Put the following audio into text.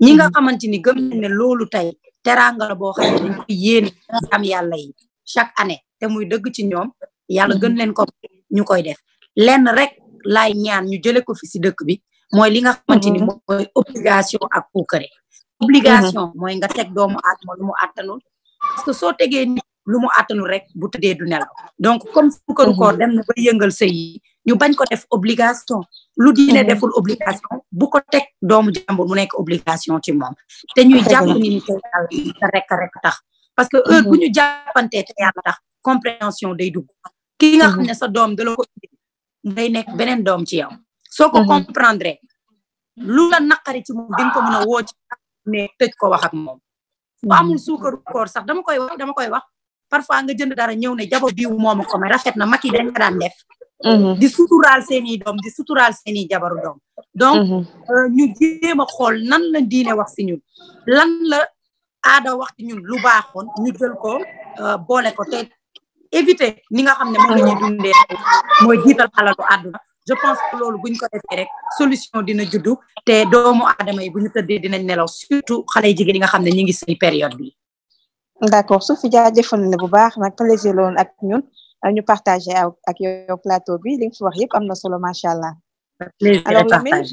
ñi nga mm-hmm. xamante ni gëm nañ ne loolu tey teraanga la boo xam am yàlla yi chaque année te muy dëgg ci ñoom yàlla gën mm-hmm. leen ko ñu koy def lenn rek lay ñaan ñu jële ko fi si dëkk bi mooy li nga xamante ni mm-hmm. obligation ak puukare obligation mooy nga teg doomu aadama lu mu àttanul parce que soo tegee ni lu mu àttanul rek bu tëddee du nelaw donc comme puukaru koor dem na ba yëngal sëy yi ñu bañ ko def obligation lu diine mhm. deful obligation bu ko teg doomu jàmbur mu nekk obligation ci moom te ñuy jàpp te yàlla rek rek tax parce que heure mhm. bu ñu jàppantee te yàlla tax compréhension day dugg ki nga mhm. xam ne sa doom da la ko nekk beneen doom ci yow soo ko comprendre lu la naqari ci moom di ko mën a woo ci ne tëj ko wax ak moom bu amul suukaru koor sax dama koy wax dama koy wax parfois nga jënd dara ñëw ne jabo biiw mooma ko mais rafet na mag yi dañ ko daan def Mm-hmm. di suturaal seen i doom di suturaal seen i jabaru doom donc mm-hmm. euh, ñu jéem a xool nan la diine wax si ñun lan la aada wax si ñun lu baaxoon ñu jël ko euh, boole ko te éviter ni nga xam ne moom la ñuy mm-hmm. dundee mooy jiital xalaatu àdduna je pense que loolu buñ ko defee rek solution dina juddu te doomu aadama yi bu ñu tëddee dinañ nelaw surtout xale yi jigéen yi nga xam ne ñu ngi sëy période bi d'accord su fi jaajëfal na bu baax nag plaisir loolu ak ñun Euh, ñu partagé ak yow plateau bi li nga fi wax yëpp am na solo macha allah. alors Lamine